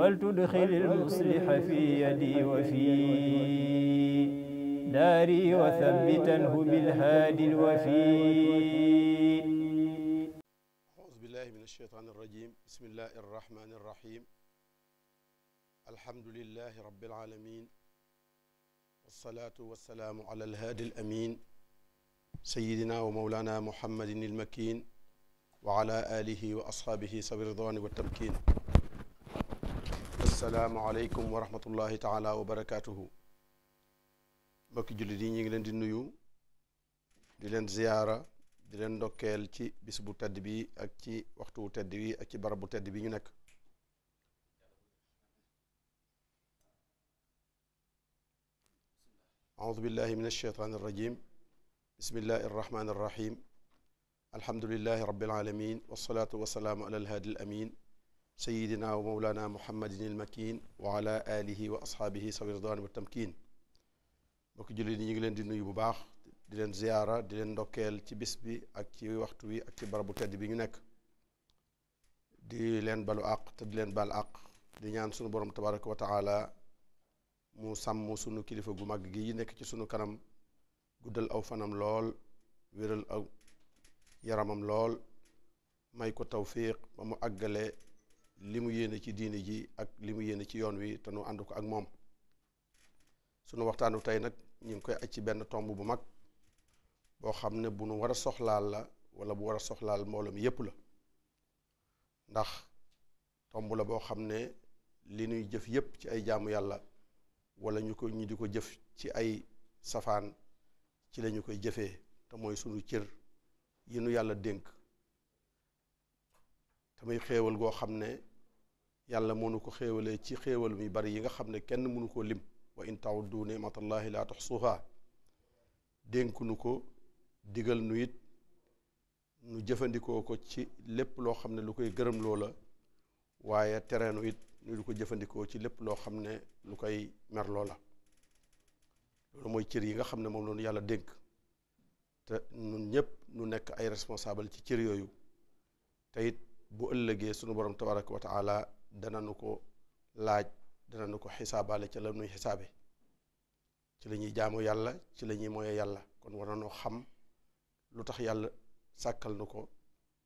ولتدخل المصلح في يدي وفي داري وثبتنه بالهادي الوفي أعوذ بالله من الشيطان الرجيم بسم الله الرحمن الرحيم الحمد لله رب العالمين والصلاة والسلام على الهادي الأمين سيدنا ومولانا محمد المكين وعلى آله وأصحابه صبر الرضوان والتمكين asalaamualeykum wa rahmatullahi taala wa barakaatuhu mbokki julli yi ñu ngi leen di nuyu di leen ziyaara di leen ndokkeel ci bisbu bu tedd bi ak ci waxtu wu tedd bi ak ci barab bu tedd bi ñu nekk audu billahi min alsheytaan irrajim bismillahi irrahmani irrahim alhamdulilahi rabil alamin wasalaatu wasalaamu ala alhaadi alamin sayidina wa mawlana muhammadin ilmakin wa ala alihi wa ashaabihi sawi ridwaan wa tamkin mbokki jullit yi ñu ngi leen di nuyu bu baax di leen ziyaara di leen ndokkeel ci bis bi ak ci waxtu wi ak ci barabu tedd bi ñu nekk di leen balu àq te di leen bal àq di ñaan sunu borom tabaraka wa taala mu sàmm sunu kilifa gu mag gi nekk ci sunu kanam guddal aw fanam lool wéral aw yaramam lool may ko tawfiq ba mu àggale li mu yéene ci diine ji ak li mu yéene ci yoon wi te nu ànd ko ak moom sunu waxtaanu tey nag ñu ngi koy aj ci benn tomb bu mag boo xam ne bu nu war a soxlaal la wala bu war a soxlaal mbooloo mi yépp la ndax tomb la boo xam ne li nuy jëf yépp ci ay jaamu yàlla wala ñu ko ñu di ko ci ay safaan ci lañu koy jëfee te mooy sunu cër yi nu yàlla dénk tamay xéewal goo xam ne yàlla moo nu ko xéewalee ci xéewal mi bari yi nga xam ne kenn mënu koo lim wa in tauddu nimatallahi laa tuxsuha dénk nu ko digal nu it nu jëfandikoo ko ci lépp loo xam ne lu koy gërëm loo la waaye tereenu it ñu ko jëfandikoo ci lépp loo xam ne lu koy merloo la loolu mooy cër yi nga xam ne moom loonu yàlla dénk te nun ñépp nu nekk ay responsable ci cër yooyu te it bu ëllëgee sunu borom tabaraka wa dana nu ko laaj dana nu ko xisaabaale ca la nuy xisaabe ci la ñuy jaamu yàlla ci la ñuy moye yàlla kon war nañoo xam lu tax yàlla sàkkal nu ko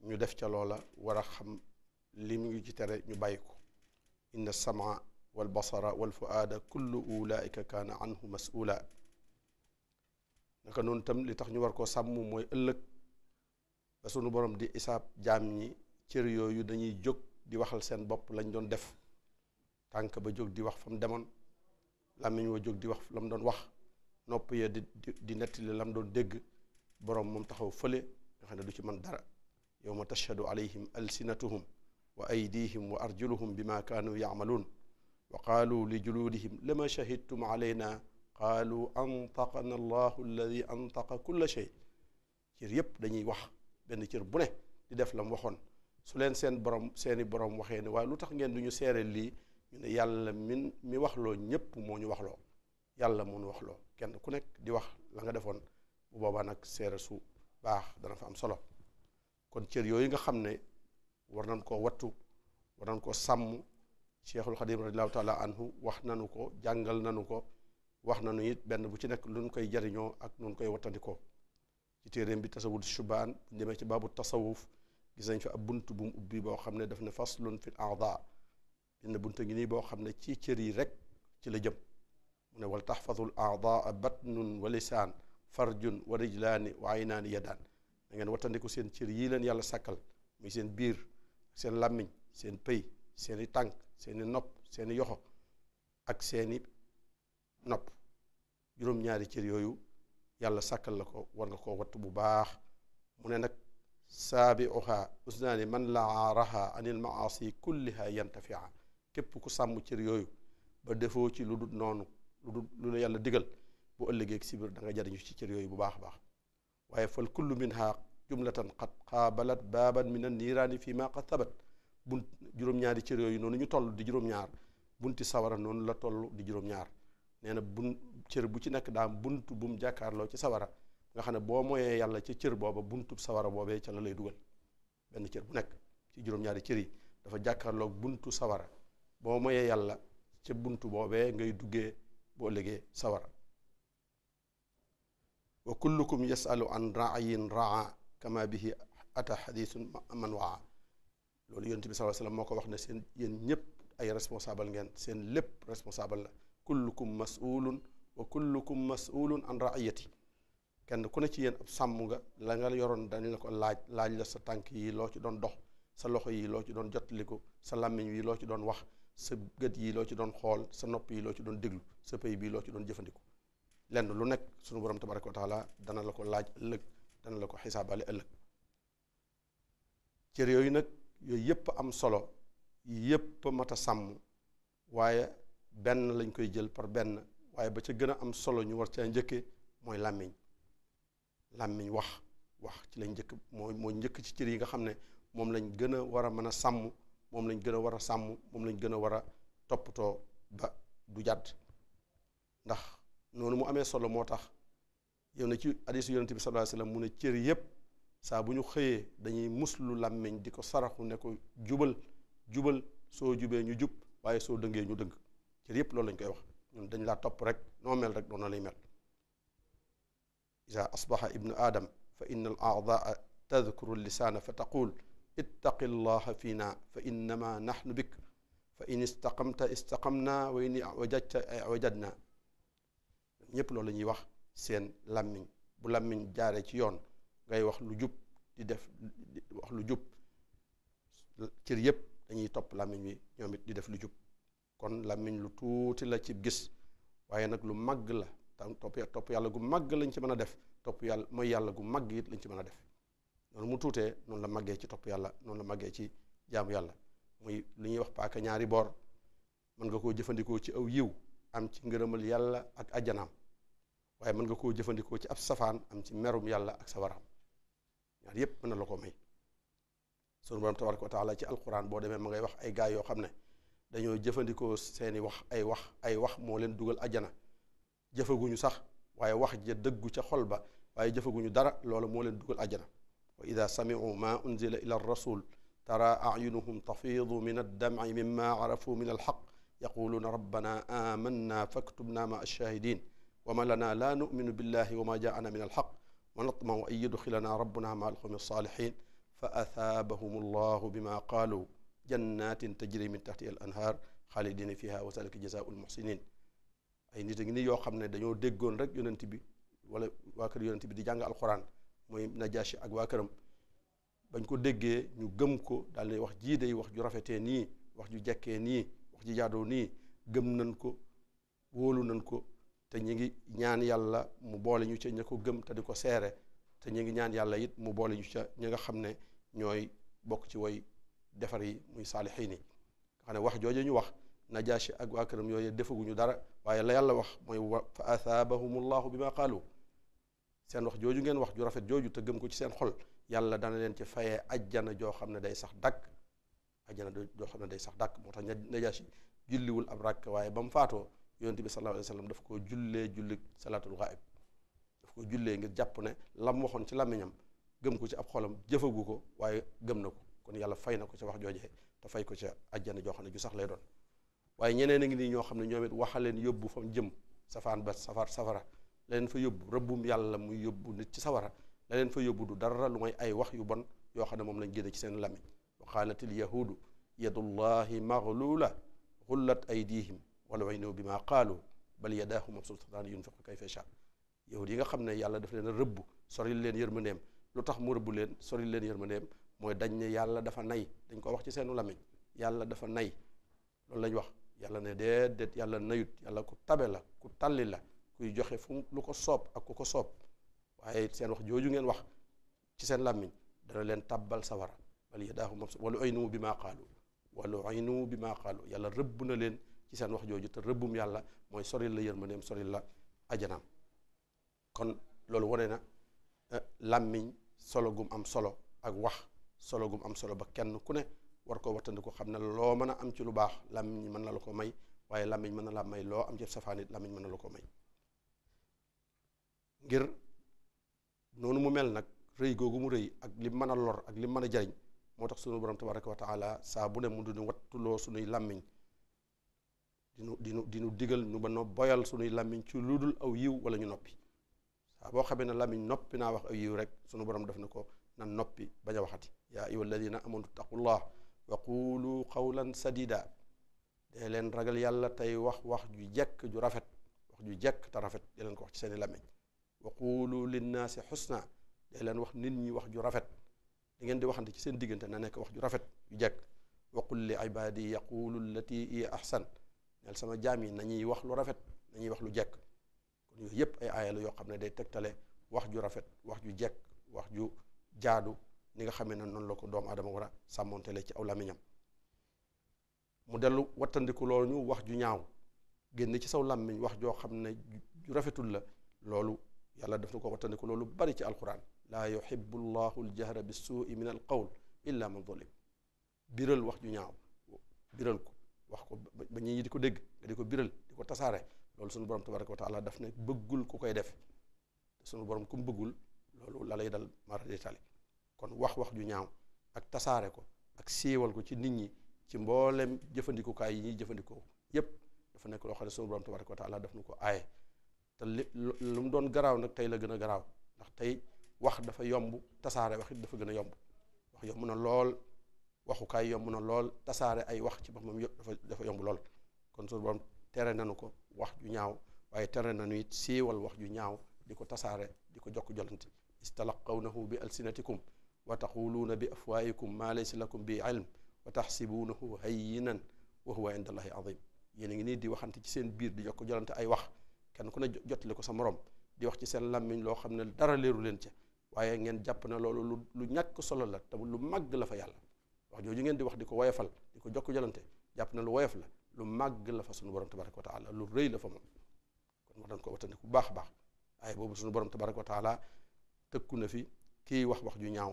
ñu def ca loola war a xam lim ñu ci tere ñu bàyyi ko inna samaa wal basara wal fuaada kullu ulaika kaana anhu masula naka noonu tam li tax ñu war koo sàmm mooy ëllëg ba sunu borom di isaab jaam ñi cër yooyu dañuy jóg di waxal seen bopp lañ doon def tànk ba jóg di wax fa mu demoon làmmiñ wa jóg di wax la mu doon wax nopp ya di di la mu doon dégg boroom moom taxaw fale nga xam ne du ci mën dara yawma tashhadu alayhim alsinatuhum wa aydihim wa arjuluhum bima kaanu yacmaluun wa qaalu li juluudihim lima shahidtum alayna qaalu antaqana allahu alladi antaqa kulla shay cër yépp dañuy wax benn cër bu di def la mu waxoon su leen seen borom seeni borom waxee ne waaye lu tax ngeen du ñu seere lii ñu ne yàlla min mi waxloo ñépp moo ñu waxloo yàlla moo ñu waxloo kenn ku nekk di wax la nga defoon bu boobaa nag seere su baax dana fa am solo kon cër yooyu nga xam ne war nañ koo wattu war nañ ko sàmm cheikhul xadim radiallahu taala anhu wax nanu ko jàngal nanu ko wax nanu it benn bu ci nekk lu ñu koy jariñoo ak lu koy wattandikoo ci téeréem bi tasawul shubaan demee ci baabu tasawuf gis nañ fa ab bunt bu mu ubbi boo xam ne daf ne faslun fil a'daa benn bunt ngi nii boo xam ne ci cër yi rek ci la jëm mu ne wal tax taxfadul a'daa batnun wa lisaan farjun wa rijlaani wa aynaani yadaan da ngeen wattandiku seen cër yii leen yàlla sàkkal muy seen biir seen làmmiñ seen pëy seeni tànk seeni nopp seeni yoxo ak seeni nopp juróom-ñaari cër yooyu yàlla sàkkal la ko war nga koo wattu bu baax mu ne nag saabiuha usnaani man laaraha anil maasi kulliha yantafia képp ku sàmm cër yooyu ba defoo ci lu dul noonu lu dul lu la yàlla digal bu ëllëgee ak si biir da nga jariñu ci cër yooyu bu baax a baax waaye fal kullu minha jumlatan qad qaabalat baaban mi na niiraani fi ma qad sabat bunt juróom-ñaari cër yooyu noonu ñu toll di juróom-ñaar bunti sawara noonu la toll di juróom-ñaar nee na bun cër bu ci nekk daam bunt bu mu jàkkaarloo ci sawara nga xam ne boo moyee yàlla ci cër booba buntub sawara boobee ca la lay dugal benn cër bu nekk ci juróom-ñaari cër yi dafa jàkkaarloog buntu sawara boo moyee yàlla ca buntu boobee ngay duggee boo légee sawara wa kullukum yasalu an raayin raa kama bihi ata xadisun man waa loolu yonent bi sallallahu alayhi wasallam moo ko wax ne seen yéen ñépp ay responsable ngeen seen lépp responsable la kullukum masulun wa kullukum masulun an raayati kenn ku ne ci yéen ab sàmm nga la nga yoroon dañ la ko laaj laaj la sa tànk yi loo ci doon dox sa loxo yi loo ci doon jottaliku sa làmmiñ wi loo ci doon wax sa gët yi loo ci doon xool sa nopp yi loo ci doon déglu sa pay bii loo ci doon jëfandiku lenn lu nekk sunu borom tabaraka wa la dana la ko laaj ëllëg dana la ko xisaabale ëllëg cër yooyu nag yooyu yépp am solo yépp mat a sàmm waaye benn lañ koy jël par benn waaye ba ca gën a am solo ñu war caa njëkke mooy làmmiñ làmmiñ wax wax ci lañ njëkk moo moo njëkk ci cër yi nga xam ne moom lañ gën a war a mën a sàmm moom lañ gën a war a sàmm moom lañ gën a war a toppatoo ba du jàdd ndax noonu mu amee solo moo tax yow na ci hadiisu yonent bi sallallahu alayhi wasallam ne cër yépp saa bu ñu xëyee dañuy muslu làmmiñ di ko saraxu ne ko jubal jubal soo jubee ñu jub waaye soo dëngee ñu dëng cër yépp loolu lañ koy wax ñun dañ laa topp rek noo mel rek noonu lay mel ida asbaxa ibnu aadam fa in al aadaa tadkuru lisaana fa taqul ittaqi llaha fiina fa innama naxnu bik fa in istaqamta istaqamna wa in wajadta wajadna ñépp loolu la ñuy wax seen làmmiñ bu làmmiñ jaare ci yoon ngay wax lu jub di def wax jub cër yépp dañuy topp làmmiñ wi ñoom di def lu jub kon làmmiñ lu tuuti la ci gis waaye nag lu màgg la tam topp topp yàlla gu màgg lañ ci mën a def topp yàlla mooy yàlla gu màgg yit lañ ci mën a def noonu mu tuutee noonu la màggee ci topp yàlla noonu la màggee ci jaamu yàlla muy li ñuy wax paaka ñaari boor mën nga koo jëfandikoo ci aw yiw am ci ngërëmal yàlla ak ajjanaam waaye mën nga koo jëfandikoo ci ab safaan am ci merum yàlla ak sawaraam ñaar yépp mën na la ko may sunu borom tabaraka wa taala ci alquran boo demee mu ngay wax ay gaay yoo xam ne dañoo jëfandikoo seeni wax ay wax ay wax moo leen dugal ajjana jëfaguñu sax waaye wax ja dëggu ca xol ba waaye jëfaguñu dara loola moo leen dugal àjjana wa ida samiu ma unzila ila rasul tara ayunuhum tafiidu min addamci mima arafu min alxaq yaquluuna rabbana amanna faktubna ma alshahidin wama lana la numinu billahi wama jaana min alxaq wa natmau an yudxilana rabbuna ma alqawmi alsalihin fa athaabahum allahu bima qaalu jannatin tajri min taxtiha al anhaar xaalidina fiha wa zalika jazaau almuxsinin ay nit a ngi nii yoo xam ne dañoo déggoon rek yonent bi wala waa kër yonent bi di jàng alxuraan mooy Najaashi ak waa këram bañ ko déggee ñu gëm ko daal di wax jii day wax ju rafetee nii wax ju jekkee nii wax ju jaadoo nii gëm nañ ko wóolu nañ ko te ñu ngi ñaan yàlla mu boole ñu ca ña ko gëm ko seere te ñu ngi ñaan yàlla it mu boole ñu ca ñi nga xam ne ñooy bokk ci woy defar yi muy saalixiin yi nga xam ne wax jooje ñu wax Najaashi ak waa këram yooyu defaguñu dara waaye la yàlla wax mooy wa fa athaabahum llahu bi ma qaalu seen wax jooju ngeen wax ju rafet jooju te gëm ko ci seen xol yàlla dana leen ci fayee ajjana joo xam ne day sax dakk ajjana joo xam ne day sax dakk moo tax najaasi julliwul ab rakk waaye ba mu faatoo yonent bi sallallahu daf koo jullee julli salaatul ghaib daf koo jullee ngir jàpp ne lam waxoon ci làmmiñam gëm ko ci ab xolam jëfagu ko waaye gëm na ko kon yàlla fay na ko ca wax joojee te fay ko ca ajjana joo xam ne ju sax lay doon waaye ñeneen a ngi nii ñoo xam ne ñoom it waxa leen yóbbu fa jëm safaan ba safar safara la leen fa yóbbu rëbbum yàlla muy yóbbu nit ci sawara leen fa yóbbu du dara lu mooy ay wax yu bon yoo xam ne moom lañ génne ci seen lamiñ wa qaalat il yahudu yadullahi maghluula xullat aydihim wala waynu bi ma qaalu bal yadaahu mabsuutataan yunfiqu kayfa yashaa yahud yi nga xam ne yàlla daf leen rëbb soril leen yërmandeem lu tax mu rëbb leen soril leen yërmandeem mooy dañ ne yàlla dafa nay dañ koo wax ci seenu lamiñ yàlla dafa nay loolu lañ wax yàlla ne déedéet yàlla nayut yàlla ku tabe la ku tàlli la kuy joxe fu lu ko soob ak ku ko soob waaye seen wax jooju ngeen wax ci seen làmmiñ dana leen tabbal sawara bal yadaahu mabsuut walu aynuu bi maa qaalu walu aynuu bi maa yàlla rëbb na leen ci seen wax jooju te rëbbum yàlla mooy soril la yërmandeem soril la ajanaam kon loolu wane na eh, làmmiñ solo gum am solo ak wax solo gum am solo ba kenn ku ne war koo wattandiku xam ne loo mën a am ci lu baax làmmiñ mën na la ko may waaye làmmiñ mën na la may loo am ci safaan it làmmiñ mën na la ko may ngir noonu mu mel nag rëy googu mu rëy ak li mën a lor ak lim mën a jariñ moo tax sunu borom tabaraka wa taala saa bu ne mu duñu wattuloo sunuy làmmiñ dinu dinu dinu digal nu ba no boyal sunuy làmmiñ ci lu dul aw yiw wala ñu noppi saa boo xamee ne làmmiñ noppi naa wax aw yiw rek sunu borom def na ko na noppi bañ a waxati yaa ayyuha alladina amanu taqullah wa qulu qawlan sadida dee leen ragal yàlla tey wax wax ju jekk ju rafet wax ju jekk te rafet dee leen ko wax ci seeni làmmiñ wa qulu linnaasi xusna dee leen wax nit ñi wax ju rafet da ngeen di waxante ci seen diggante na nekk wax ju rafet ju jekk wa qul li ibadi yaqulu allati hiya ahsan neel sama jaam yi na nañuy wax lu rafet nañuy wax lu jekk kon yooyu yépp ay aaya yoo xam ne day tegtale wax ju rafet wax ju jekk wax ju jaadu ni nga xamee ne noonu la ko doomu aadama war a sàmmontele ci aw làmmiñam mu dellu wattandiku loolu ñu wax ju ñaaw génn ci saw làmmiñ wax joo xam ne ju rafetul la loolu yàlla daf na ko wattandiku loolu bari ci alquran laa yuhibbu llahu aljahra bi suui min al qawl illa man wax ju ñaaw ko wax ko ba ñi di ko dégg nga di ko biral di ko tasaare loolu sunu borom tabaraka wa taala daf ne bëggul ku koy def sunu borom ku mu bëggul loolu la lay dal mara détali kon wax-wax ju ñaaw ak tasaare ko ak siiwal ko ci nit ñi ci mboolem jëfandikukaay yi ñuy jëfandikoo yépp dafa nekk loo xam ne sunu borom tabaraka wa taala daf ko aaye te li mu doon garaaw nag tey la gën a garaaw ndax tey wax dafa yomb tasaare wax dafa gën a yomb wax yomb na lool waxukaay yomb na lool tasaare ay wax ci boppam dafa dafa yomb lool kon sunu borom tere nanu ko wax ju ñaaw waaye tere nanu it siiwal wax ju ñaaw di ko tasaare di ko jokk jolante na bi alsinatikum wa taquluuna bi afwaayikum maa laysa lakum bi ilm wa taxsibuunahu hayyinan wa huwa inda allahi azim yéen a ngi nii di waxante ci seen biir di jokk jolante ay wax kenn ku ne jot jotali ko sa morom di wax ci seen làmmiñ loo xam ne dara leeru leen ca waaye ngeen jàpp na loolu lu lu ñàkk solo la te lu màgg la fa yàlla wax jooju ngeen di wax di ko woyofal di ko jokk jolante jàpp na lu woyof la lu màgg la fa sunu borom tabaraka wa taala lu rëy la fa moom kon ma dañ ko watandi ku baax a baax waaye boobu sunu borom tabaraka wa taala tëkku na fi kii wax wax ju ñaaw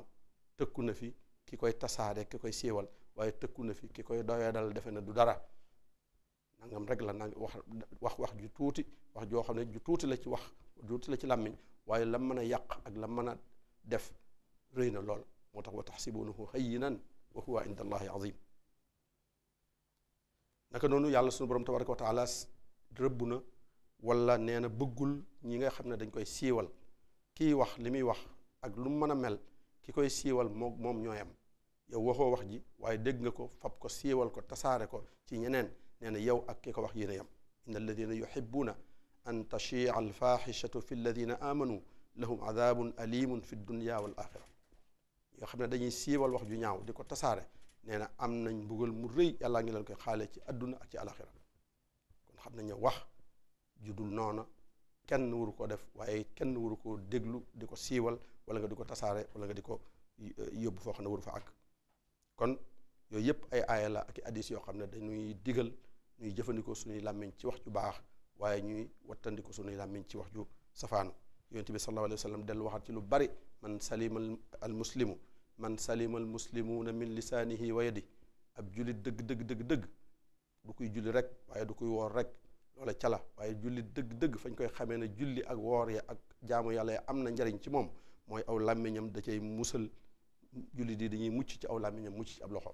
tëkku na fi ki koy tasaade ki koy siiwal waaye tëkku na fi ki koy doyee dal defe na du dara nangam rek la nang wax wax ju tuuti wax joo xam ne ju tuuti la ci wax tuuti la ci làmmiñ waaye lam mën a yàq ak lam mën a def rëy na lool moo tax wa taxsibunahu hayyinan wa huwa inda allahi azim naka noonu yàlla sunu borom tabaraka wa taala rëbb na wala nee na bëggul ñi nga xam ne dañ koy siiwal kii wax li muy wax ak lu mën a mel ki koy siiwal moom moom ñooyam yow waxoo wax ji waaye dégg nga ko fab ko siiwal ko tasaare ko ci ñeneen nee na yow ak ki ko wax yéen a yem inna alladina yuhibuuna an tachia alfaxishatu fi alladina amanu lahum adabun alimun fi dunya wal axira yoo xam ne dañuy siiwal wax ju ñaaw di ko tasaare nee na am nañ mbugal mu rëy yàllaa ngi koy xaale ci àdduna ak ci alaxira kon xam nañu wax ju dul noona kenn waru ko def waaye kenn waru ko déglu di ko siiwal wala nga di ko tasaare wala nga di ko euh, yóbbu foo xam ne waru fa àgg kon yooyu yëpp ay aaya la ak addis yoo xam ne dañuy digal ñuy jëfandikoo suñuy làmmiñ ci wax ju baax waaye ñuy wattandiko suñuy làmmiñ ci wax ju safaanu yonent bi sallallahu alayhi wa sallam dellu waxaat ci lu bari man salima al muslimu man salima al muslimuuna min lisaanihi wa yadi ab jullit dëgg dëgg dëgg dëgg du koy julli rek waaye du koy woor rek loola cala waaye julli dëgg dëgg fañ koy xamee ne julli ak woor ya ak jaamu yàlla ya am na njariñ ci moom mooy aw làmmiñam da cay musal jullit yi dañuy mucc ci aw làmmiñam mucc ci ab loxo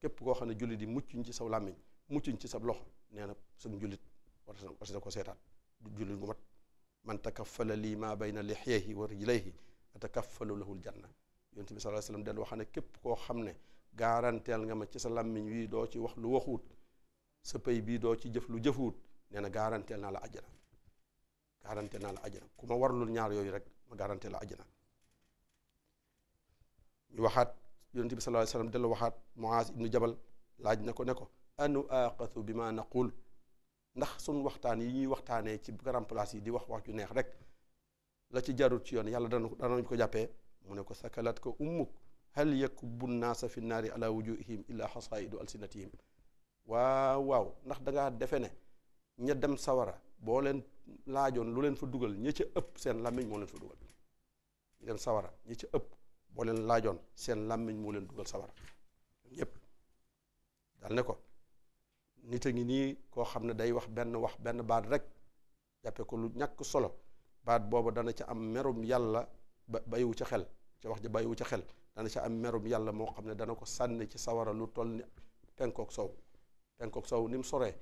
képp koo xam ne jullit yi muccuñ ci saw làmmiñ muccuñ ci sab loxo nee na sum jullit warta na ko seetaan du jullit gu mat man takaffala lii maa bayna lixyayhi wa rijlayhi atakaffalu lahul janna yonent bi sallallahu alayhi wasallam dellu wax ne képp koo xam ne gaaranteel nga ma ci sa làmmiñ wii doo ci wax lu waxut sa pay bii doo ci jëf lu jëfuut nee na gaaranteel naa la ajjana gaaranteel naa la ajjana ku ma warlul ñaar yooyu rek ma gaaranteel la ajjana ñu waxaat yonente bi sallallahu waxaat Muaz ibnu Jabal laaj na ko ne ko anu aqatu bi ma naqul ndax suñ waxtaan yi waxtaanee ci grand yi di wax wax ju neex rek la ci jarut ci yoon yàlla dana danañ ko jàppee mu ne ko sakalat ko ummuk hal yakubu nnaasa fi nnaari ala wujuhihim illa xasaidu alsinatihim waaw waaw ndax dangaa defe ne ña dem sawara boo leen laajoon lu leen fa dugal ña ca ëpp seen làmmiñ moo leen fa dugal ñu dem sawara ña ca ëpp boo leen laajoon seen làmmiñ moo leen dugal sawar ñépp dal ne ko nit a ngi nii koo xam ne day wax benn wax benn baat rek jàppe ko lu ñàkk solo baat boobu dana ca am merum yàlla ba bàyyiwu ca xel ca wax ja bàyyiwu ca xel dana ca am merum yàlla moo xam ne dana ko sànni ci sawara lu toll ni penkook sow penkook sow ni mu soree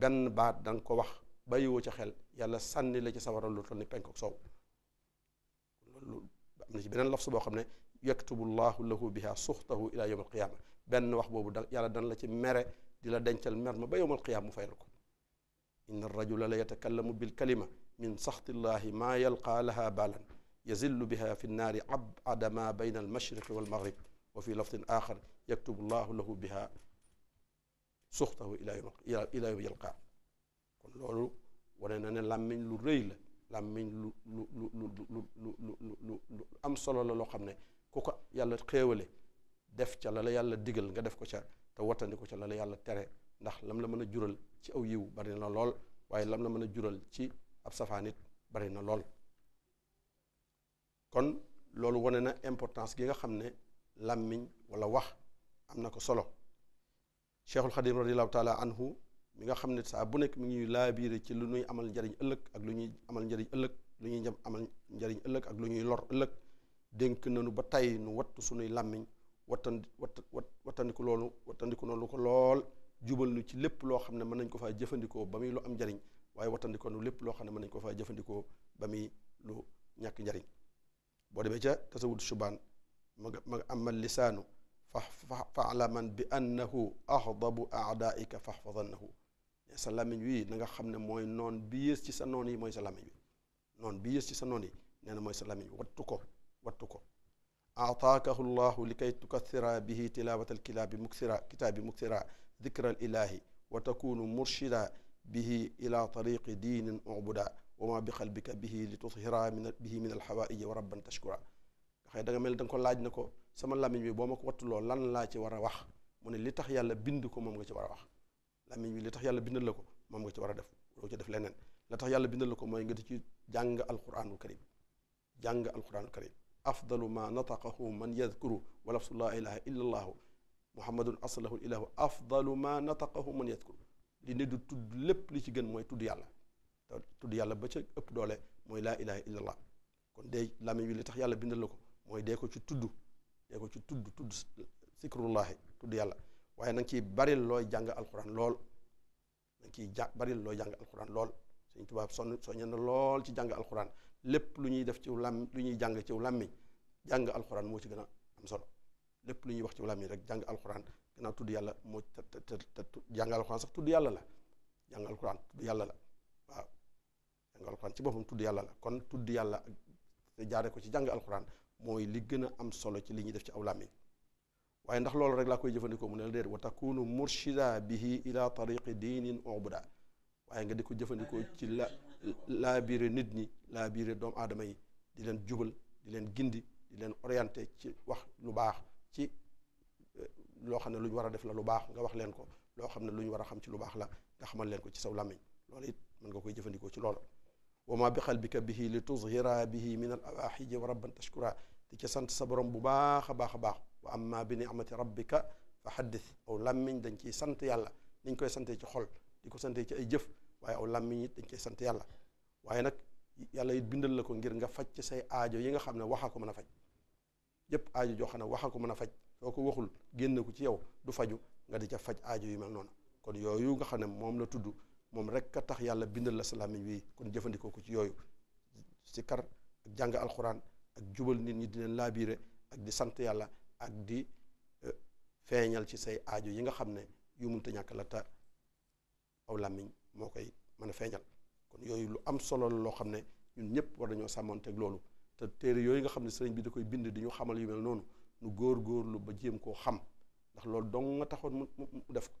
benn baat danga ko wax bàyyiwu ca xel yàlla sànni la ci sawara lu toll ni penkook sow am na ci beneen lafs boo xam ne yaktubu llahu lahu biha suxtahu ila yawm alqiyaama benn wax boobu da yàlla dana la ci mere di la dencal mer ma ba yawm alqiyaama mu fayal ko inna arrajula la yatakallamu bilkalima min saxti llahi maa yalqaa laha baalan yazillu biha fi nnaari abada ma bayna almashriqi walmaghrib wa fi lafdin axar yaktubu llahu lahu biha suxtahu ila yawm ila yawm yalqaa kon loolu wane na ne làmmiñ lu rëy la làmmiñ lu lu lu lu lu lu lu lu am solo la loo xam ne ku ko yàlla xéewale def ca la la yàlla digal nga def ko ca te wattandi ko ca la la yàlla tere ndax lam la mën a jural ci aw yiw bari na lool waaye lam la mën a jural ci ab safaan it bari na lool kon loolu wane na importance gi nga xam ne làmmiñ walla wax am na ko solo cheikhul xadim radiallahu taala anhu mi nga xam ne saa bu nekk mi ngi laabiire ci lu ñuy amal njariñ ëllëg ak lu ñuy amal njariñ ëllëg lu ñuy jam amal njariñ ëllëg ak lu ñuy lor ëllëg dénk nañu ba tey nu wattu suñuy làmmiñ wattan wat wattandiku loolu wattandiku noonu ko lool jubal nu ci lépp loo xam ne mën nañ ko fa jëfandikoo ba muy lu am njariñ waaye wattandiku nu lépp loo xam ne mën nañ ko faa jëfandikoo ba muy lu ñàkk njariñ boo demee ca tasawud subaan ma nga ma nga amal lisaanu fa fa alaman bi annahu axdabu aadaika fahfadannahu sa làmmiñ wi nanga xam ne mooy noon bi yées ci sa noon yi mooy sa làmmiñ wi noon bi yées ci sa noon yi nee mooy sa làmmiñ wattu ko wattu ko ataakahu llahu li kay tukathira bihi tilawata alkilaabi muksira kitaabi muksira dikra alilahi wa takunu murshida bihi ila tariqi diinin ubuda wa ma bi xalbika bihi li tuthira min bihi min alxawaaiji wa rabban tashkura nga xëy da nga mel da nga ko laaj na ko sama làmmiñ wi boo ma ko wattuloo lan laa ci war a wax mu ne li tax yàlla bind ko moom nga ci war a wax làmmiñ bi li tax yàlla bindal la ko moom nga ci war a def loo ci def leneen la tax yàlla bindal la ko mooy nga di ci jàng alquranul karim jàng alquranul karim afdalu ma nataqahu man yadkuru wa lafsu laa ilaha illa allahu muhammadun aslahu ilahu afdalu ma nataqahu man yadkuru li ne du tudd lépp li ci gën mooy tudd yàlla tudd yàlla ba ca ëpp doole mooy laa ilaha illa allah kon dee làmmiñ bi li tax yàlla bindal la ko mooy dee ko ci tudd dee ko ci tudd tudd tudd yàlla waaye na nga bari looy jàng alxuraan lool na nga ciy ja looy jàng alxuraan lool Sëriñ Tuubaa sonn soññe na lool ci jàng alxuraan lépp lu ñuy def ci lam lu ñuy jàng ci làmmiñ jàng alxuraan moo ci gën a am solo lépp lu ñuy wax ci làmmiñ rek jàng alxuraan gannaaw tudd yàlla moo te te te jàng alxuraan sax tudd yàlla la jàng yàlla la waaw ci boppam tudd yàlla la kon tudd yàlla te jaare ko ci jàng alxuraan mooy li gën a am solo ci li ñuy def ci aw làmmiñ waaye ndax loolu rek laa koy jëfandikoo mu ne la déet wa takunu murshida bihi ila tariqi diinin ubuda waaye nga di ko jëfandikoo ci la laa biire nit ñi laa biire doomu aadama yi di leen jubal di leen gindi di leen orienté ci wax lu baax ci eh, loo xam ne lu ñu war a def la lu baax nga wax leen ko loo xam ne lu ñu war a xam ci lu baax la nga xamal leen ko ci saw làmmiñ loolu it mën nga koy jëfandikoo ci loolu wa ma bi qalbika bihi li tuzhira bihi min al awaaxiji wa rabban tashkura di ca sant sa borom bu baax a baax a wa amma bi ni'mati ka fa xaddis aw làmmiñ dañ ciy sant yàlla niñ koy sante ci xol di ko sante ci ay jëf waaye aw làmmiñ it dañ koy sant yàlla waaye nag yàlla it bindal la ko ngir nga faj ci say aajo yi nga xam ne waxa ko mën a faj yépp aajo joo xam ne waxa ko mën a faj soo ko waxul génne ko ci yow du faju nga di ca faj aajo yi mel noonu kon yooyu nga xam ne moom la tudd moom rek a tax yàlla bindal la sa làmmiñ wi kon jëfandikoo ko ci yooyu si kar jàng alxuraan ak jubal nit ñi di leen laabiire ak di sant yàlla ak di eh, feeñal ci say aajo yi nga xam ne yu mënta ñàkk la ta aw làmmiñ moo koy mën a feeñal kon yooyu lu am solo la loo xam ne ñun ñëpp war nañoo sàmmanteeg loolu te téere yooyu nga xam ne sëriñ bi da koy bind di xamal yu mel noonu nu góor góorlu ba jéem koo xam ndax loolu dong nga taxoon mu mu def ko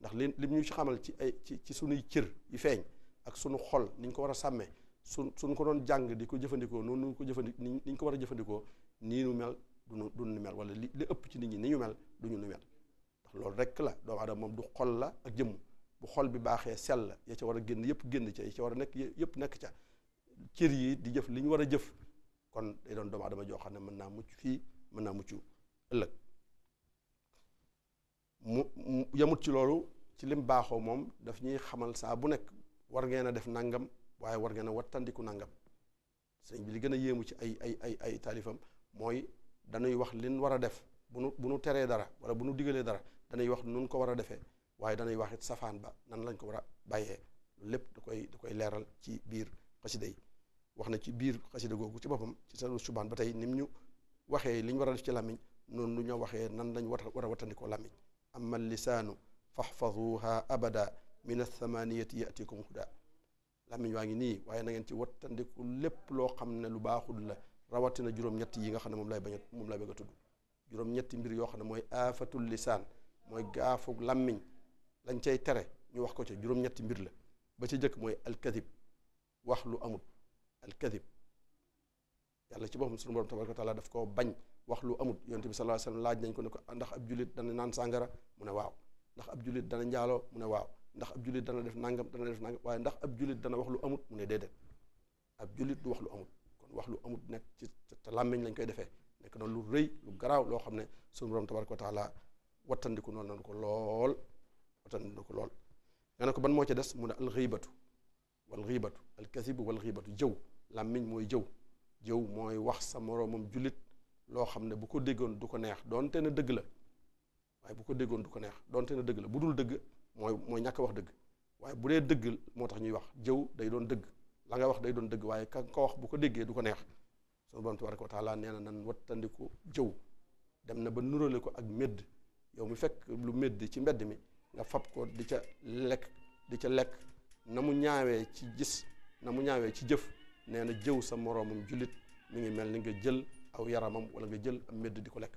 ndax li lim xamal ci ay ci ci sunuy cër yi feeñ ak sunu xol ni ñu ko war a sàmmee su suñ ko doon jàng di ko jëfandikoo noonu ñu ko jëfandi ni ñu ko war a jëfandikoo nii nu mel duñu duñu ni mel wala li ëpp ci nit ñi ni ñu mel duñu ni mel ndax loolu rek la doomu aadama moom du xol la ak jëmm bu xol bi baaxee sell ya ca war a génn yëpp génn ca ya ca war a nekk yëpp nekk ca cër yi di jëf li war a jëf kon day doon joo xam ne mën naa mucc fii mën naa mucc ëllëg mu yamut ci loolu ci lim baaxoo moom daf ñuy xamal saa bu nekk war ngeen a def nangam waaye war ngeen a wattandiku nangam sëñ bi li gën a yéemu ci ay ay ay ay taalifam mooy dañuy wax liñ war a def bu nu bu nu teree dara wala bu nu digalee dara dañuy wax nun ko war a defee waaye dañuy wax it safaan ba nan lañ ko war a bàyyee lépp da koy da koy leeral ci biir xasida yi wax na ci biir xasida googu ci boppam ci sa subaan ba tey ni mu ñu waxee li ñu war def ci làmmiñ noonu lu ñu waxee nan lañ war a wattandikoo làmmiñ amma lisaanu faxfaduha abada min athamaniyati yatikum huda làmmiñ waa ngi nii waaye na ngeen ci wattandiku lépp loo xam ne lu baaxul la rawatina juróom yi nga xam ne moom lay bañ a moom lay bëgg a tudd juróom-ñetti mbir yoo xam ne mooy aafatul lisaan mooy gaafug làmmiñ lañ cay tere ñu wax ko ca juróom-ñetti mbir la ba ci jëkk mooy alkadib wax lu amut alkadib yàlla ci boppam sunu borom tabaraka wa taala daf koo bañ wax lu amut yonent bi sallallahu alayhi laaj nañ ko ne ko ah, ndax ab jullit dana naan sàngara mu ne waaw ndax ab jullit dana njaaloo mu ne waaw ndax ab jullit dana def nangam dana def nangam waaye ndax ab jullit dana wax lu amut mu ne déedéet ab jullit du wax lu amut wax lu amut nekk ci te làmmiñ lañ koy defee nekk noonu lu rëy lu garaaw loo xam ne suñu borom tabaraka wa wattandiku noonu nañu ko lool wattandiku ko lool nga ne ko ban moo ca des mu ne alxiibatu walxiibatu alkasibu walxiibatu jëw làmmiñ mooy jëw jëw mooy wax sa moroomam jullit loo xam ne bu ko déggoon du ko neex doonte na dëgg la waaye bu ko déggoon du ko neex doonte na dëgg la bu dul dëgg mooy mooy ñàkk wax dëgg waaye bu dee dëgg moo tax ñuy wax jëw day doon dëgg la ngay wax day doon dëgg waaye ka ko wax bu ko déggee du ko neex sunu borom tabaraka wa taala nee na nan wattandiku jëw dem na ba nurale ko ak médd yow mu fekk lu médd ci mbedd mi nga fab ko di ca lekk di ca lekk na mu ñaawee ci gis na mu ñaawee ci jëf nee na jëw sa moroomam jullit mu ngi mel ni nga jël aw yaramam wala nga jël am médd di ko lekk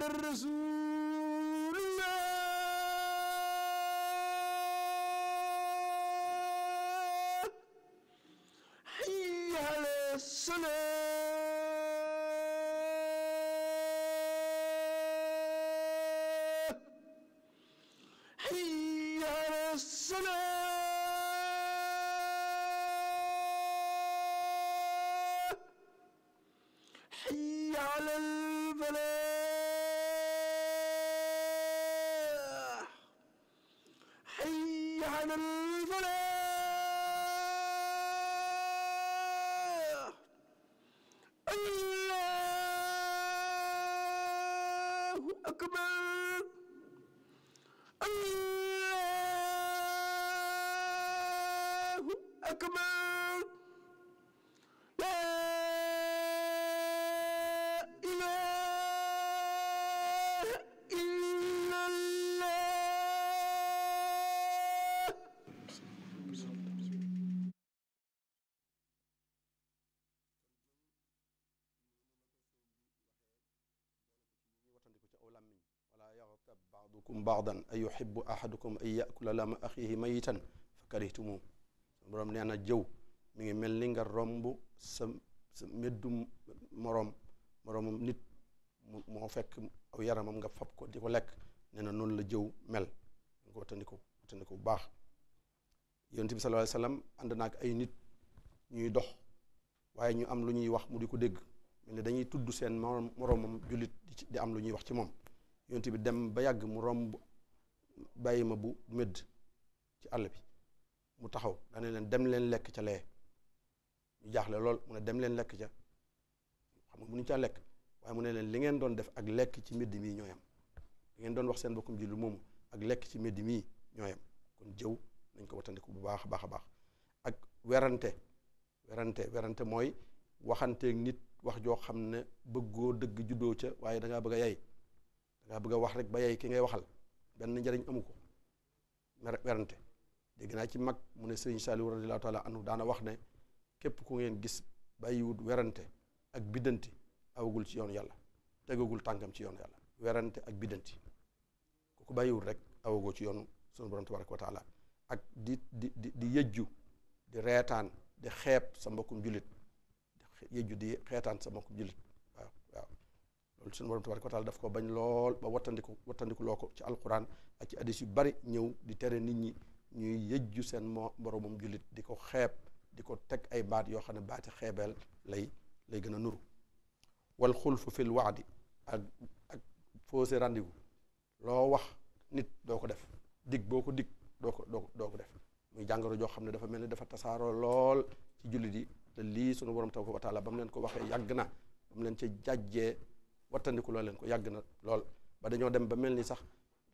الرسول na ba'dukum ba'dan ay yuhibbu ahadukum ay ya'kula lama axiihi mayitan nee na jëw mi ngi mel ni nga romb sa sa moroom moroomum nit moo fekk nga fab ko di ko lekk nee na noonu la jëw mel nga bu baax yonent bi ay nit ñuy dox waaye ñu am lu ñuy wax mu di ko dégg mel ni dañuy tudd seen moroomam jullit di am lu ñuy wax ci moom yonent bi dem ba yàgg mu romb bàyyi ma bu medd ci àll bi mu taxaw dane leen dem leen lekk ca lee ñu jaaxle lool mu ne dem leen lekk ca xam nga mënuñu caa lekk waaye mu ne leen li ngeen doon def ak lekk ci mbedd mii ñooyam li ngeen doon wax seen bokkum ji moom ak ci mbedd mii ñooyam kon jëw nañ ko watandiku bu baax a baax a baax ak werante werante werante mooy waxanteeg nit wax joo xam ne bëggoo dëgg juddoo ca waaye dangaa bëgg a yay dangaa bëgg a wax rek ba yey ki ngay waxal benn njariñ amu ko werante dégg naa ci mag mu ne sëriñ Saliou radiyallahu taala anhu daana wax ne képp ku ngeen gis bàyyiwut werante ak biddanti awagul ci yoon yàlla tegagul tànkam ci yoon yàlla werante ak biddanti ku ko bàyyiwut rek awagoo ci yoon sunu borom tabaraka wa ak di di di di yëjju di reetaan di xeeb sa mbokkum jullit yëjju di xeetaan sa mbokkum jullit loolu suñu borom tabaraka wa taala daf ko bañ lool ba wattandiku wattandiku loo ko ci alquran ak ci hadis yu bari ñëw di tere nit ñi ñuy yëjju seen moo moroomum jullit di ko xeeb di ko teg ay baat yoo xam ne baati xeebeel lay lay gën a nuru wal xulfu fil waadi ak ak fausse rendez-vous loo wax nit doo ko def dig boo ko dig doo ko doo doo ko def muy jàngoro joo xam ne dafa mel ni dafa tasaaroo lool ci jullit yi te lii sunu borom tabaraka wa taala ba leen ko waxee yàgg na ba mu leen ca wattandiku loo leen ko yàgg na lool ba dañoo dem ba mel ni sax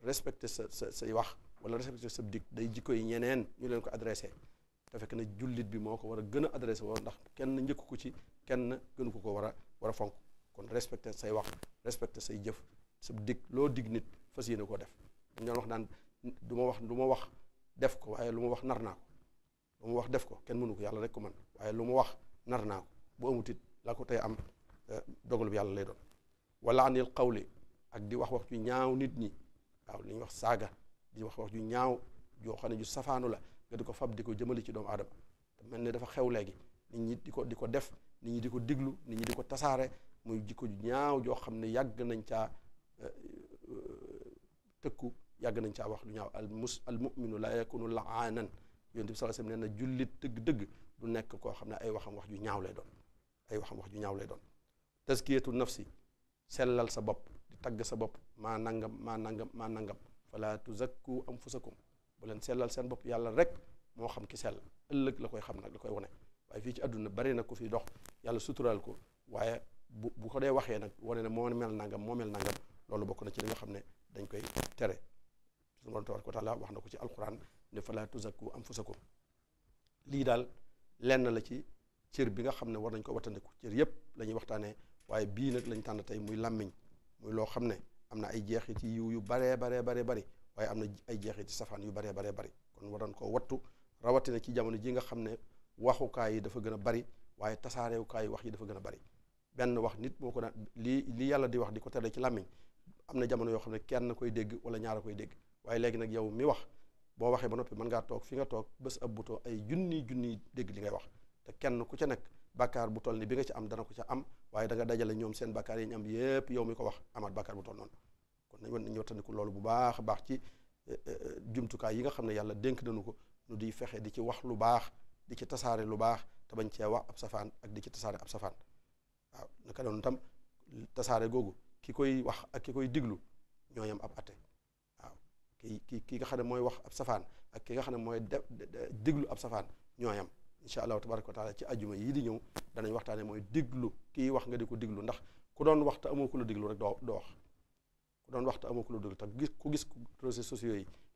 respecté sa sa say wax wala respecté sab dig day jikko yi ñeneen ñu leen ko adressé te fekk na jullit bi moo ko war a gën a adressé woo ndax kenn njëkk ko ci kenn gënu ko ko war a war a fonk kon respecté say wax respecté say jëf sa dig loo dig nit fas yéene koo def ñoo wax naan du ma wax du ma wax def ko waaye lu ma wax nar naa ko lu ma wax def ko kenn mënu ko yàlla rek ko man waaye lu ma wax nar naa ko bu amutit la tey am eh, dogalu yàlla lay doon wala anil qawli ak di wax wax ju ñaaw nit ñi waaw li ñuy wax saaga di wax wax ju ñaaw joo xam ne ju safaanu la nga di ko fab di ko jëmale ci doomu aadama mel ni dafa xew léegi nit ñi di ko di ko def nit ñi di ko diglu nit ñi di ko tasaare muy jikko ju ñaaw joo xam ne yàgg nañ caa eh, eh, tëkku yàgg nañ caa wax lu ñaaw al mus al muminu la yakunu laanan yonent bi sallallahu alayhi wasallam nee na jullit dëgg-dëgg du nekk koo xam ne ay waxam wax ju ñaaw lay doon ay waxam wax ñaaw lay doon taskiyatu nafsi sellal sa bopp di tagg sa bopp maa nangam maa nangam maa nangam fala tuzakku anfusakum bu leen sellal seen bopp yàlla rek moo xam ki sell ëllëg la koy xam nag la koy wane waaye fii ci àdduna bari na ko fi dox yàlla suturaal ko waaye bu bu ko dee waxee nag wane na moo mel nangam moo mel nangam loolu bokk na ci li nga xam ne dañ koy tere suñu borom tabaraka wa taala wax na ko ci alquran ne fala tuzakku anfusakum lii daal lenn la ci cër bi nga xam ne war nañ ko wattandiku cër yépp la ñuy waxtaanee waaye bii nag lañ tànn tey muy làmmiñ muy loo xam ne am na ay jeexit yiw yu baree baree baree bari waaye am na ay jeexiti safaan yu baree baree bari kon waroon koo wattu rawatina ci jamono ji nga xam ne waxukaay yi dafa gën a bari waaye tasaarewukaay yi wax yi dafa gën a bari benn wax nit moo ko daan lii lii yàlla di wax di ko tere ci làmmiñ am na jamono yoo xam ne kenn koy dégg wala ñaar a koy dégg waaye léegi nag yow mi wax boo waxee ba noppi mën ngaa toog fi nga toog bés a buto ay junni junni dégg li ngay wax te kenn ku ca nekk bakkaar bu toll ni bi nga ci am dana ko ca am waaye da dajale ñoom seen bakkaar yi ñam am yépp yow mi ko wax amaat bakkaar bu toll noonu kon nañ wan nañu wattandiku loolu bu baax a baax ci eh, eh, eh, jumtukaay yi nga xam ne yàlla dénk nañu ko nu di fexe di ci wax lu baax di ci tasaare lu baax te bañ cee wax ab safaan ak di ci tasaare ab safaan waaw naka doon tam tasaare googu ki koy wax ak koy diglu ñoo yem ab atte waaw ki ki ki nga xam ne mooy wax ab safaan ak ki nga xam ne mooy diglu ab safaan ñoo incha allahu tabaraka wa taala ci ajuma yii di ñëw danañ waxtaane mooy diglu kii wax nga di ko diglu ndax ku doon waxta amoo ku la diglu rek doo doo wax ku doon waxta amoo ku la diglu te gis ku gis réseaux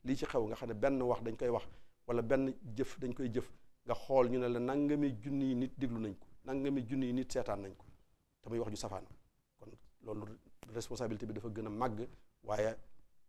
lii ci xew nga xam ne benn wax dañ koy wax wala benn jëf dañ koy jëf nga xool ñu ne la nangami junni yi nit diglu nañ ko nangami junni yi nit seetaan nañ ko te muy wax ju safaan kon loolu responsabilité bi dafa gën a màgg waaye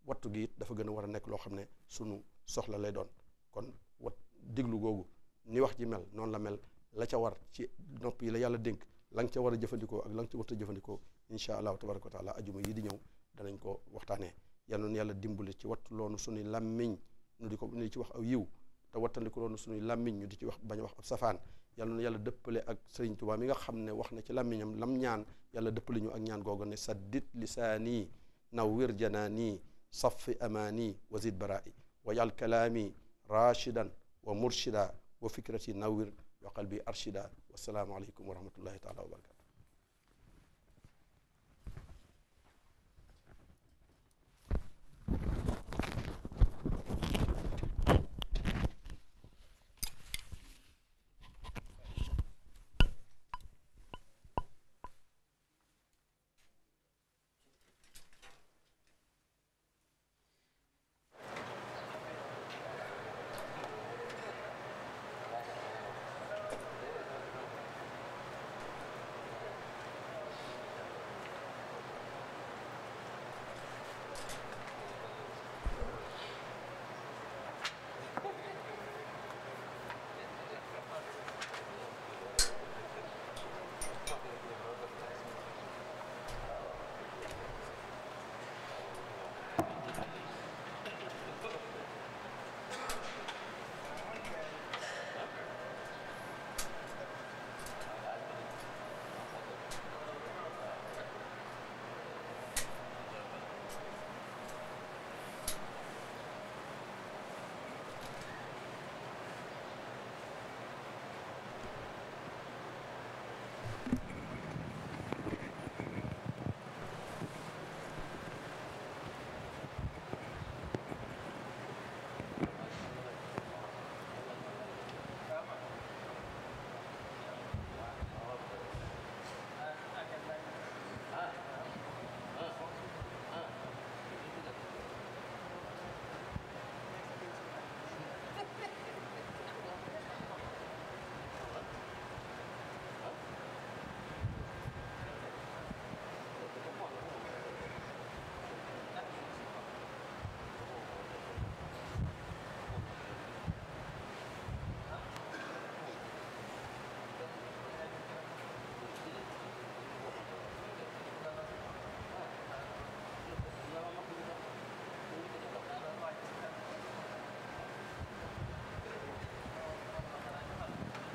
wattu gi dafa gën a war a nekk loo xam ne sunu soxla lay doon kon wat diglu googu ni wax ji mel noonu la mel la ca war ci nopp yi la yàlla dénk la nga ca war a jëfandikoo ak la nga ca a jëfandikoo incha allahu tabaraka wa taala ajuma yi di ñëw danañ ko waxtaanee yal noonu yàlla dimbali ci wattu loonu suñuy làmmiñ ñu di ko ñu ci wax aw yiw te wattandiku loonu suñuy làmmiñ ñu di ci wax bañ a wax ab safaan yal noonu yàlla dëppale ak sëriñ Tuubaa mi nga xam ne wax na ci làmmiñam lam ñaan yàlla dëppale ñu ak ñaan googu ne saddit lisaani nawwir janaani safi amaani wazid barai wajal kalaami rashidan wa murshida wa fikrati nawir wa qalbi arshida wasalaamu aleykum wa rahmatullahi taala wa barakatu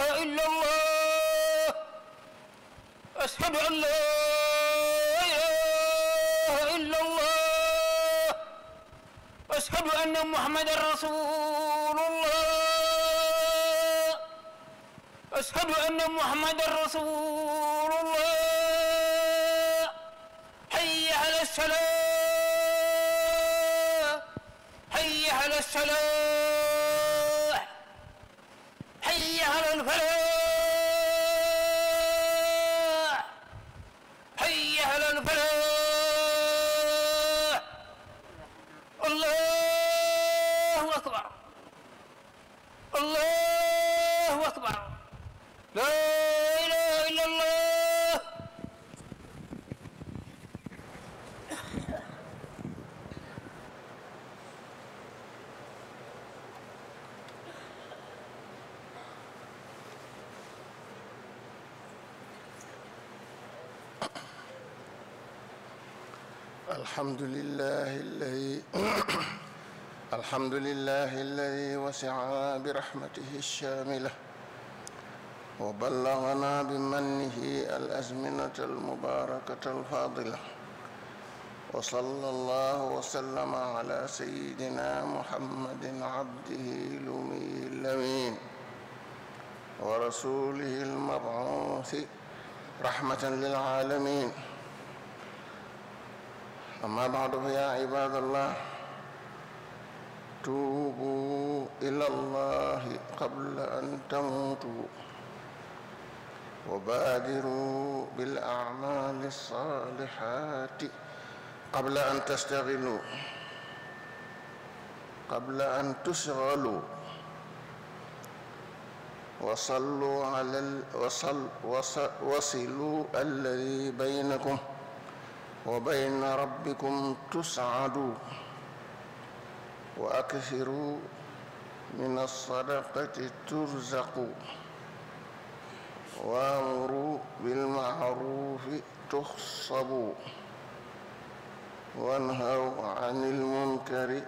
إله إلا الله أشهد أن لا إله إلا الله أشهد أن محمدا رسول الله أشهد أن محمدا رسول الله حي على السلام حي على السلام الحمد لله الذي الحمد لله الذي وسع برحمته الشاملة وبلغنا بمنه الأزمنة المباركة الفاضلة وصلى الله وسلم على سيدنا محمد عبده لمي اللمين ورسوله المبعوث رحمة للعالمين أما بعد فيا عباد الله توبوا إلى الله قبل أن تموتوا وبادروا بالأعمال الصالحات قبل أن تشتغلوا قبل أن تشغلوا وصلوا على وصل وصلوا الذي بينكم وبين ربكم تسعدوا وأكثروا من الصدقة ترزقوا وامروا بالمعروف تخصبوا وانهوا عن المنكر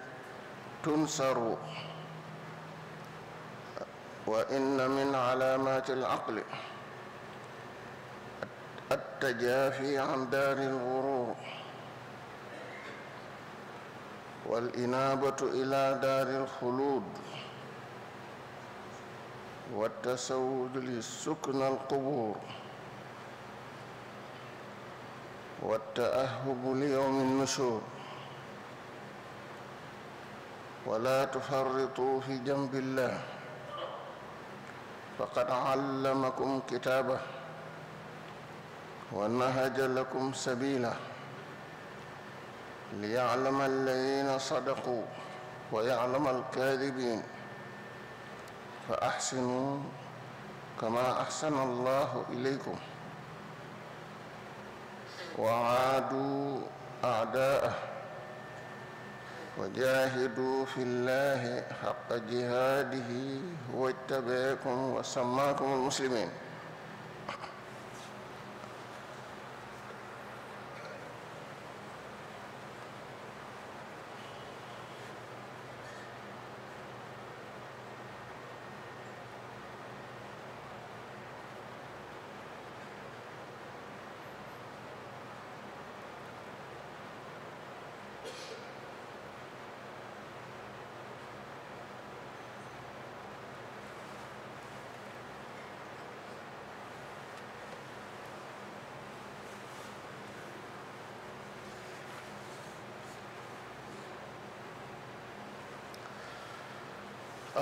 تنصروا وإن من علامات العقل تجافي عن دار الغرور والإنابة إلى دار الخلود والتسود لسكن القبور والتأهب ليوم النشور ولا تفرطوا في جنب الله فقد علمكم كتابه ونهج لكم سبيله ليعلم الذين صدقوا ويعلم الكاذبين فأحسنوا كما أحسن الله إليكم وعادوا أعداءه وجاهدوا في الله حق جهاده هو اتبعكم وسماكم المسلمين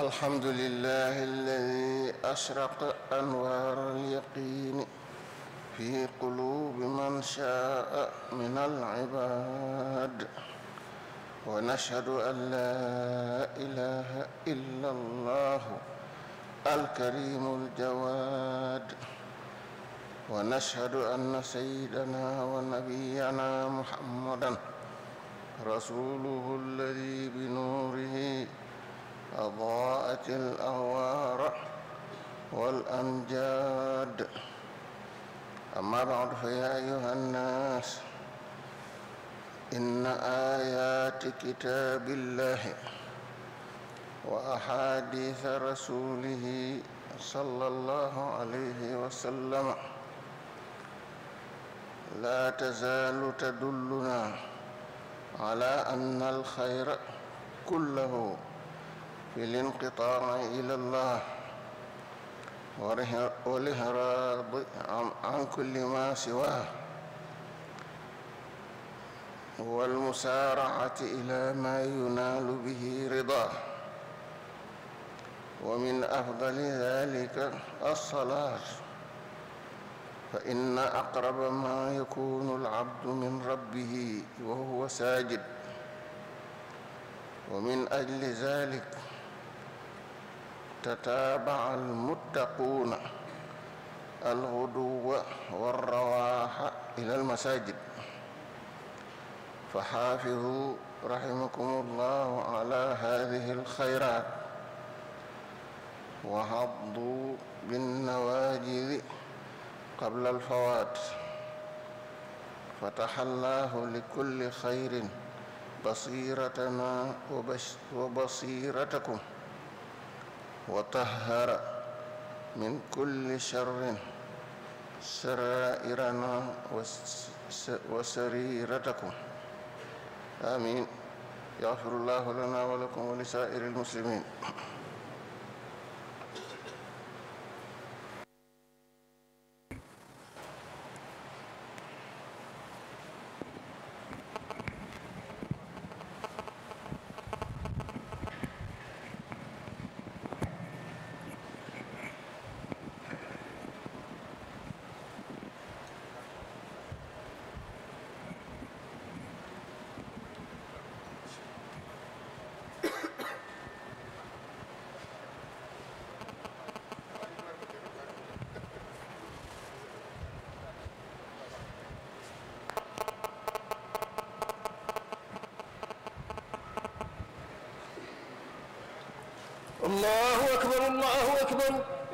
الحمد لله الذي أشرق أنوار اليقين في قلوب من شاء من العباد ونشهد أن لا إله إلا الله الكريم الجواد ونشهد أن سيدنا ونبينا محمدا رسوله الذي بنوره أضاءت الأهوار والأمجاد أما بعد فيا أيها الناس إن آيات كتاب الله وأحاديث رسوله صلى الله عليه وسلم لا تزال تدلنا على أن الخير كله في الانقطاع إلى الله والإهراض عن كل ما سواه والمسارعة إلى ما ينال به رضاه ومن أفضل ذلك الصلاة فإن أقرب ما يكون العبد من ربه وهو ساجد ومن أجل ذلك tataaba'a al-muttaquuna al-ghuduwwa war-rawaaha ilaa al-masaajid فحافظوا رحمكم الله على هذه الخيرات وحضوا بالنواجذ قبل الفوات فتح الله لكل خير بصيرتنا وبصيرتكم wa tahhara min kulli sharrin sarairana wa sariratakum amin yaxfirullahu lana wa lakum wa lisaa'iril muslimin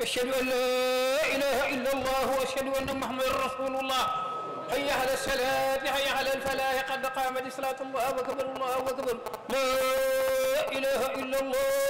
واشهد ان لا اله الا الله واشهد ان محمدا رسول الله حي على السلام حي على الفلاح قد قامت صلاه الله وكبر الله وكبر لا اله الا الله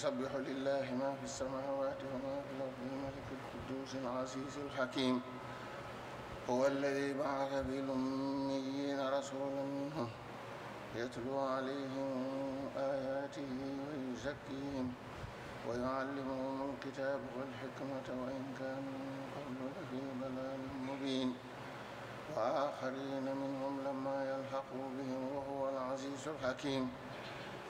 يسبح لله ما في السماوات وما في الأرض الملك القدوس العزيز الحكيم هو الذي بعث بالأميين رسولا منهم يتلو عليهم آياته ويزكيهم ويعلمهم الكتاب والحكمة وإن كانوا من قبل لفي ضلال مبين وآخرين منهم لما يلحقوا بهم وهو العزيز الحكيم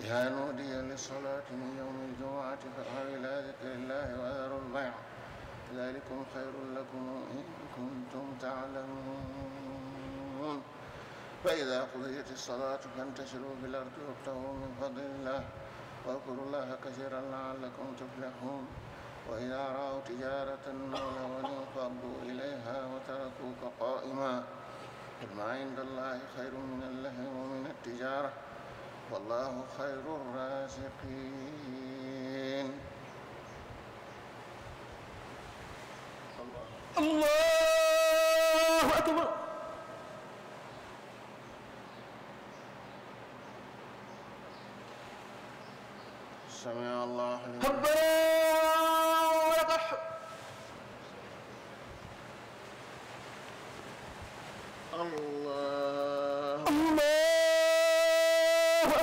إذا نودي للصلاة من يوم الجمعة فأو إلى ذكر الله وذروا البيع ذلكم خير لكم إن كنتم تعلمون فإذا قضيت الصلاة فانتشروا في الأرض وابتغوا من فضل الله واذكروا الله كثيرا لعلكم تفلحون وإذا رأوا تجارة لهوا انقضوا إليها وتركوك قائما قل ما عند الله خير من اللهو ومن التجارة والله خير الرازقين الله أكبر سمع الله لمن حمده الله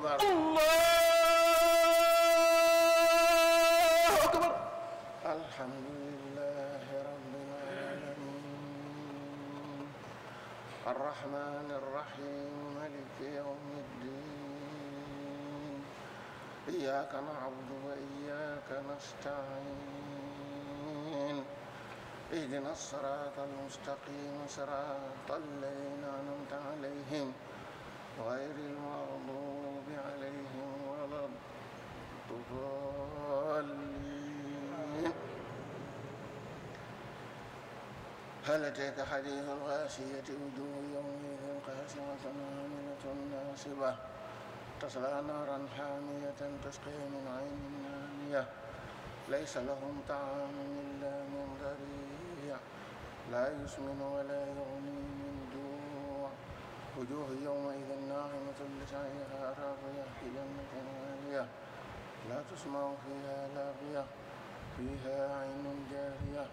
akbar allahu akbar alhamdulillahi rabbil alamin arrahmani arrahim maliki yawmi ddin iyyaka na'budu wa iyyaka nasta'in اهدنا الصراط المستقيم صراط الذين أنعمت عليهم غير المغضوب الضالين هل أتاك حديث الغاشية وجوه يومئذ قاسمة عاملة ناصبة تصلى نارا حامية تسقي من عين آنية ليس لهم طعام إلا من ضريع لا يسمن ولا يغني من جوع وجوه يومئذ ناعمة لسعيها راضية في جنة عالية لا تسمع فيها لاغية فيها عين جارية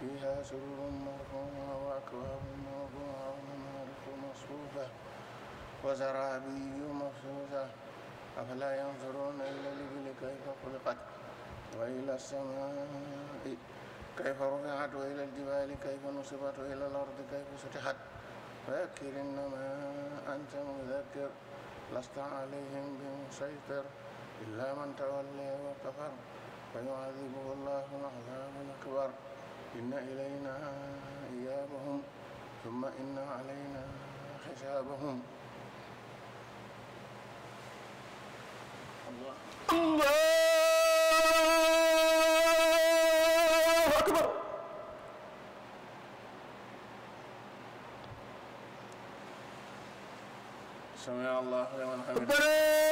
فيها سرر مرفوعة وأكواب موضوعة ونمارق مصفوفة وزرابي مبثوثة أفلا ينظرون إلى الإبل كيف خلقت وإلى السماء كيف رفعت وإلى الجبال كيف نصبت وإلى الأرض كيف سطحت فذكر إنما أنت مذكر لست عليهم بمسيطر إلا من تولى وكفر فيعذبه الله عذابا أكبر إن إلينا إيابهم ثم إن علينا حسابهم الله أكبر سمع الله لمن حمده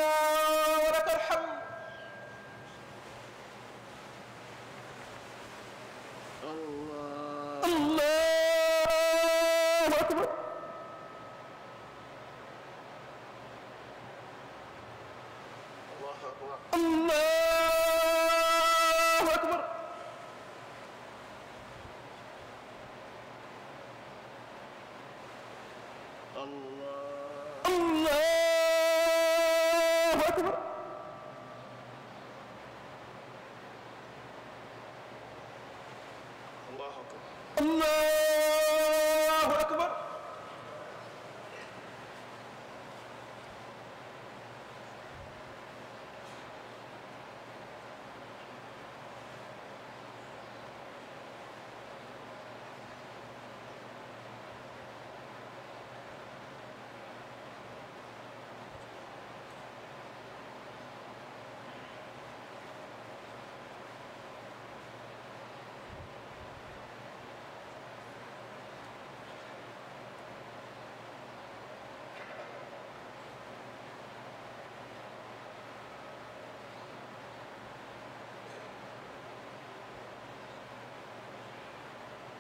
allahu akbar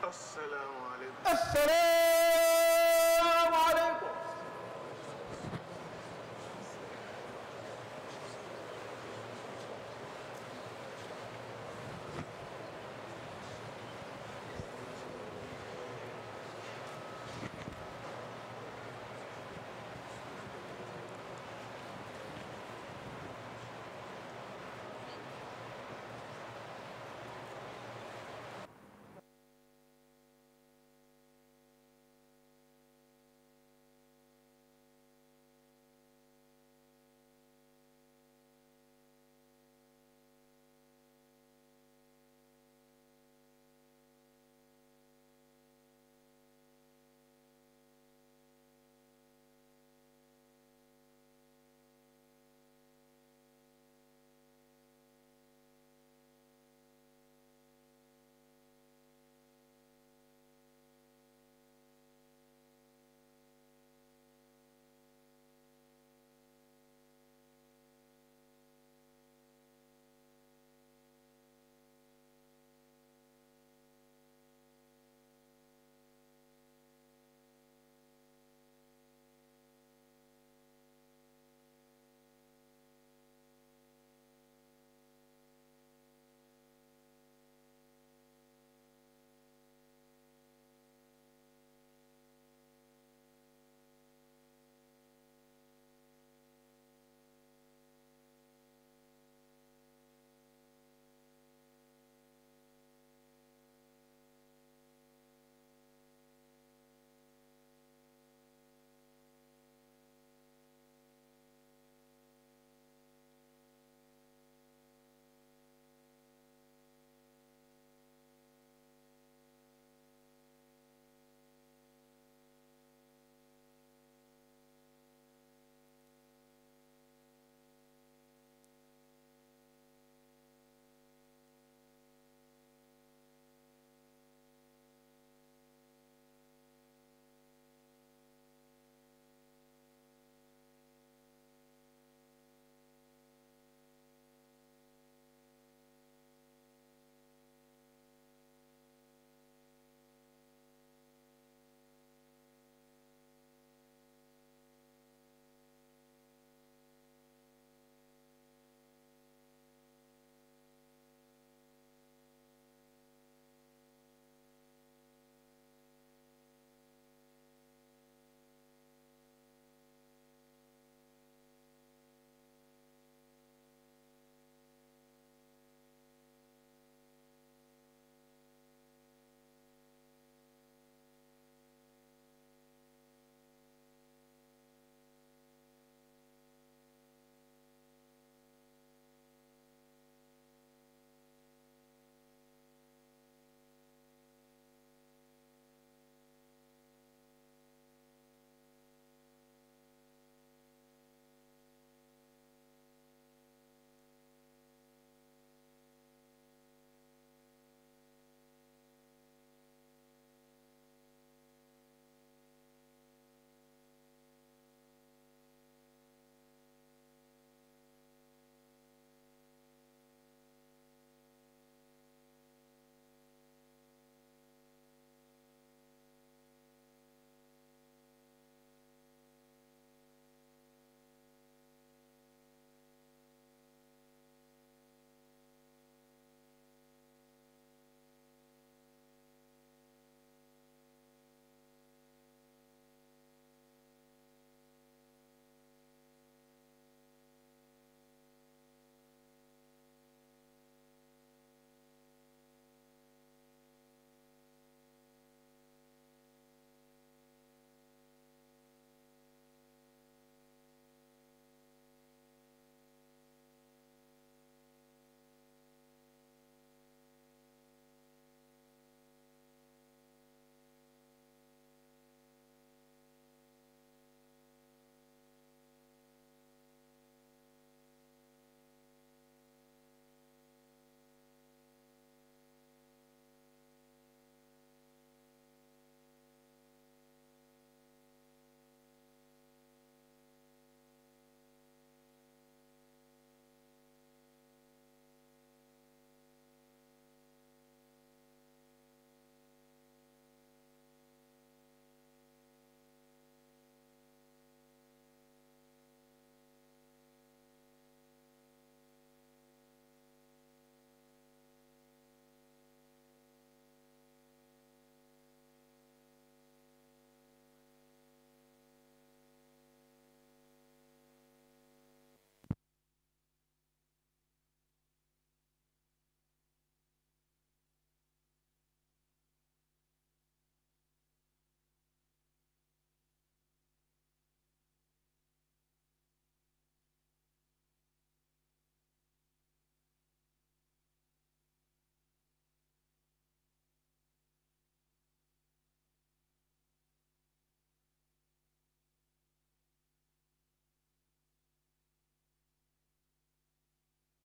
assalaamu aleykum